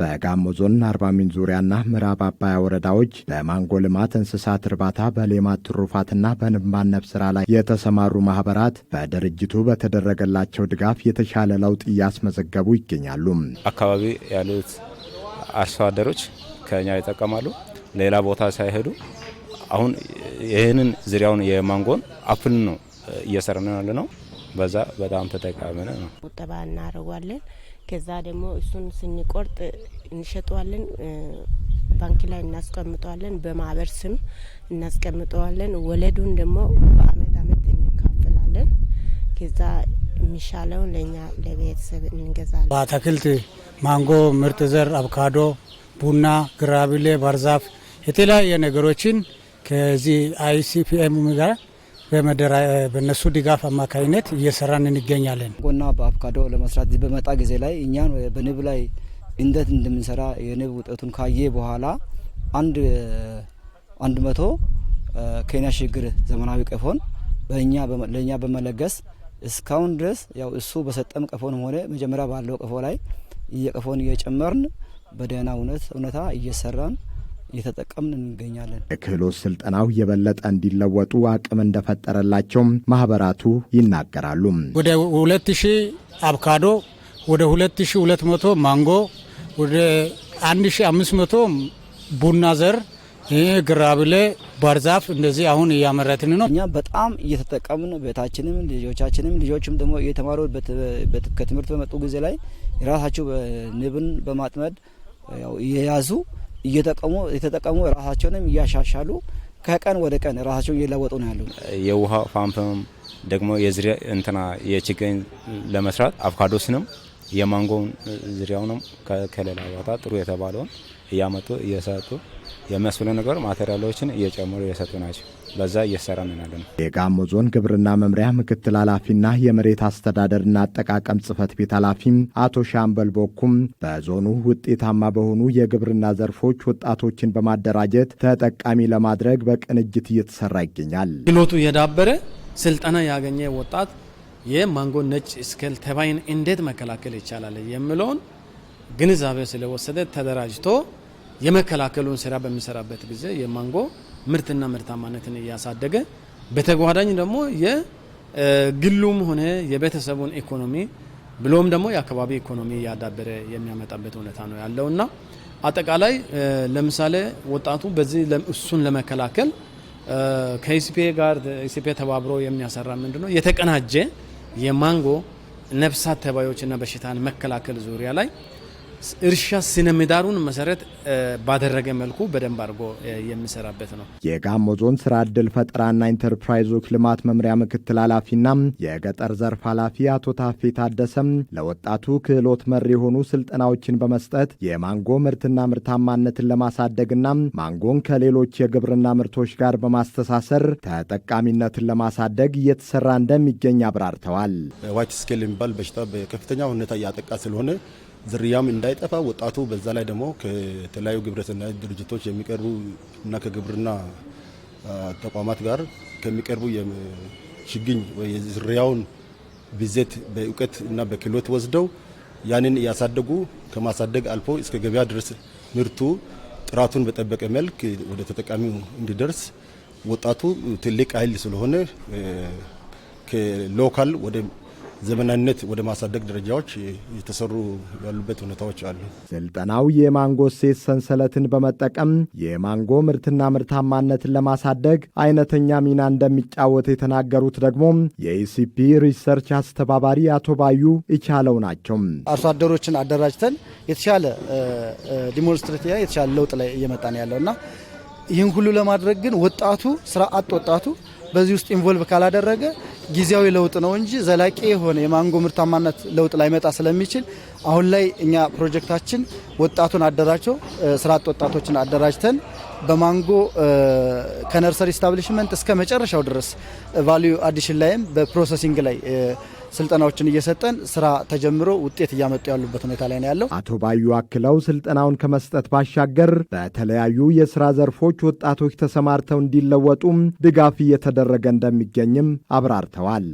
በጋሞ ዞን አርባ ምንጭ ዙሪያና ምዕራብ አባያ ወረዳዎች በማንጎ ልማት፣ እንስሳት እርባታ፣ በሌማት ትሩፋትና በንብ ማነብ ስራ ላይ የተሰማሩ ማህበራት በድርጅቱ በተደረገላቸው ድጋፍ የተሻለ ለውጥ እያስመዘገቡ ይገኛሉ። አካባቢ ያሉት አርሶ አደሮች ከኛ ይጠቀማሉ። ሌላ ቦታ ሳይሄዱ አሁን ይህንን ዝሪያውን የማንጎን አፕል ነው እየሰራን ያለ ነው። በዛ በጣም ተጠቃሚነ ነው። ቁጠባ እናደርጓለን። ከዛ ደግሞ እሱን ስንቆርጥ እንሸጠዋለን። ባንክ ላይ እናስቀምጠዋለን። በማህበር ስም እናስቀምጠዋለን። ወለዱን ደግሞ በአመት አመት እንካፍላለን ከዛ የሚሻለውን ለእኛ ለቤተሰብ እንገዛለን። በአትክልት ማንጎ፣ ምርጥ ዘር፣ አቮካዶ፣ ቡና፣ ግራቢሌ፣ ባርዛፍ የተለያየ ነገሮችን ከዚህ አይሲፒኤም ጋር በመደራ በእነሱ ድጋፍ አማካኝነት እየሰራን እንገኛለን። ጎና በአቮካዶ ለመስራት በመጣ ጊዜ ላይ እኛን በንብ ላይ እንዴት እንደምንሰራ የንብ ውጤቱን ካየ በኋላ አንድ አንድ መቶ ኬንያ ሽግር ዘመናዊ ቀፎን ለእኛ በመለገስ እስካሁን ድረስ ያው እሱ በሰጠም ቀፎንም ሆነ መጀመሪያ ባለው ቀፎ ላይ እየቀፎን እየጨመርን በደህና እውነት እውነታ እየሰራን እየተጠቀምን እንገኛለን። የክህሎት ስልጠናው የበለጠ እንዲለወጡ አቅም እንደፈጠረላቸውም ማህበራቱ ይናገራሉ። ወደ ሁለት አቮካዶ፣ ወደ 2200 ማንጎ፣ ወደ 1500 ቡና ዘር ግራብሌ፣ ባርዛፍ እንደዚህ አሁን እያመረትን ነው። እኛ በጣም እየተጠቀምን ቤታችንም ልጆቻችንም ልጆችም ደግሞ እየተማሩ ከትምህርት በመጡ ጊዜ ላይ የራሳቸው ንብን በማጥመድ የያዙ። እየያዙ እየጠቀሙ የተጠቀሙ ራሳቸውንም እያሻሻሉ ከቀን ወደ ቀን ራሳቸውን እየለወጡ ነው ያሉ። የውሃ ፓምፕም ደግሞ የዝሪ እንትና የችግኝ ለመስራት አቮካዶስንም የማንጎውን ነው ከሌላ ቦታ ጥሩ የተባለውን እያመጡ እየሰጡ የሚያስብሉ ነገር ማቴሪያሎችን እየጨመሩ እየሰጡ ናቸው። በዛ እየሰራን ያለ ነው። የጋሞ ዞን ግብርና መምሪያ ምክትል ኃላፊና የመሬት አስተዳደርና አጠቃቀም ጽህፈት ቤት ኃላፊም አቶ ሻምበል ቦኩም በዞኑ ውጤታማ በሆኑ የግብርና ዘርፎች ወጣቶችን በማደራጀት ተጠቃሚ ለማድረግ በቅንጅት እየተሰራ ይገኛል። ክህሎቱ የዳበረ ስልጠና ያገኘ ወጣት የማንጎ ነጭ ስኬል ተባይን እንዴት መከላከል ይቻላል የሚለውን ግንዛቤ ስለወሰደ ተደራጅቶ የመከላከሉን ስራ በሚሰራበት ጊዜ የማንጎ ምርትና ምርታማነትን እያሳደገ በተጓዳኝ ደግሞ የግሉም ሆነ የቤተሰቡን ኢኮኖሚ ብሎም ደግሞ የአካባቢ ኢኮኖሚ እያዳበረ የሚያመጣበት ሁኔታ ነው እና አጠቃላይ ለምሳሌ ወጣቱ በዚህ እሱን ለመከላከል ከኢሲፒኤ ጋር ኢሲፒኤ ተባብሮ የሚያሰራ ምንድነው የተቀናጀ የማንጎ ነፍሳት ተባዮችና በሽታን መከላከል ዙሪያ ላይ እርሻ ስነ ምህዳሩን መሰረት ባደረገ መልኩ በደንብ አድርጎ የሚሰራበት ነው። የጋሞ ዞን ስራ እድል ፈጠራና ኢንተርፕራይዞች ልማት መምሪያ ምክትል ኃላፊና የገጠር ዘርፍ ኃላፊ አቶ ታፌ ታደሰም ለወጣቱ ክህሎት መር የሆኑ ስልጠናዎችን በመስጠት የማንጎ ምርትና ምርታማነትን ለማሳደግና ማንጎን ከሌሎች የግብርና ምርቶች ጋር በማስተሳሰር ተጠቃሚነትን ለማሳደግ እየተሰራ እንደሚገኝ አብራርተዋል። ዋይት ስኬል የሚባል በሽታ በከፍተኛ ሁኔታ እያጠቃ ስለሆነ ዝርያም እንዳይጠፋ ወጣቱ በዛ ላይ ደግሞ ከተለያዩ ግብረሰናይ ድርጅቶች የሚቀርቡ እና ከግብርና ተቋማት ጋር ከሚቀርቡ ችግኝ ወይ የዝርያውን ብዜት በእውቀት እና በክህሎት ወስደው ያንን እያሳደጉ ከማሳደግ አልፎ እስከ ገበያ ድረስ ምርቱ ጥራቱን በጠበቀ መልክ ወደ ተጠቃሚው እንዲደርስ ወጣቱ ትልቅ ኃይል ስለሆነ ከሎካል ወደ ዘመናዊነት ወደ ማሳደግ ደረጃዎች የተሰሩ ያሉበት ሁኔታዎች አሉ። ስልጠናው የማንጎ ሴት ሰንሰለትን በመጠቀም የማንጎ ምርትና ምርታማነትን ለማሳደግ አይነተኛ ሚና እንደሚጫወት የተናገሩት ደግሞ የኢሲፒ ሪሰርች አስተባባሪ አቶ ባዩ ይቻለው ናቸው። አርሶ አደሮችን አደራጅተን የተሻለ ዲሞንስትሬት የተሻለ ለውጥ ላይ እየመጣ ነው ያለው እና ይህን ሁሉ ለማድረግ ግን ወጣቱ ስራ አጥ ወጣቱ በዚህ ውስጥ ኢንቮልቭ ካላደረገ ጊዜያዊ ለውጥ ነው እንጂ ዘላቂ የሆነ የማንጎ ምርታማነት ለውጥ ላይመጣ ስለሚችል አሁን ላይ እኛ ፕሮጀክታችን ወጣቱን አደራጀው ስራ አጥ ወጣቶችን አደራጅተን በማንጎ ከነርሰሪ ስታብሊሽመንት እስከ መጨረሻው ድረስ ቫልዩ አዲሽን ላይም በፕሮሰሲንግ ላይ ስልጠናዎችን እየሰጠን ስራ ተጀምሮ ውጤት እያመጡ ያሉበት ሁኔታ ላይ ነው ያለው። አቶ ባዩ አክለው ስልጠናውን ከመስጠት ባሻገር በተለያዩ የስራ ዘርፎች ወጣቶች ተሰማርተው እንዲለወጡም ድጋፍ እየተደረገ እንደሚገኝም አብራርተዋል።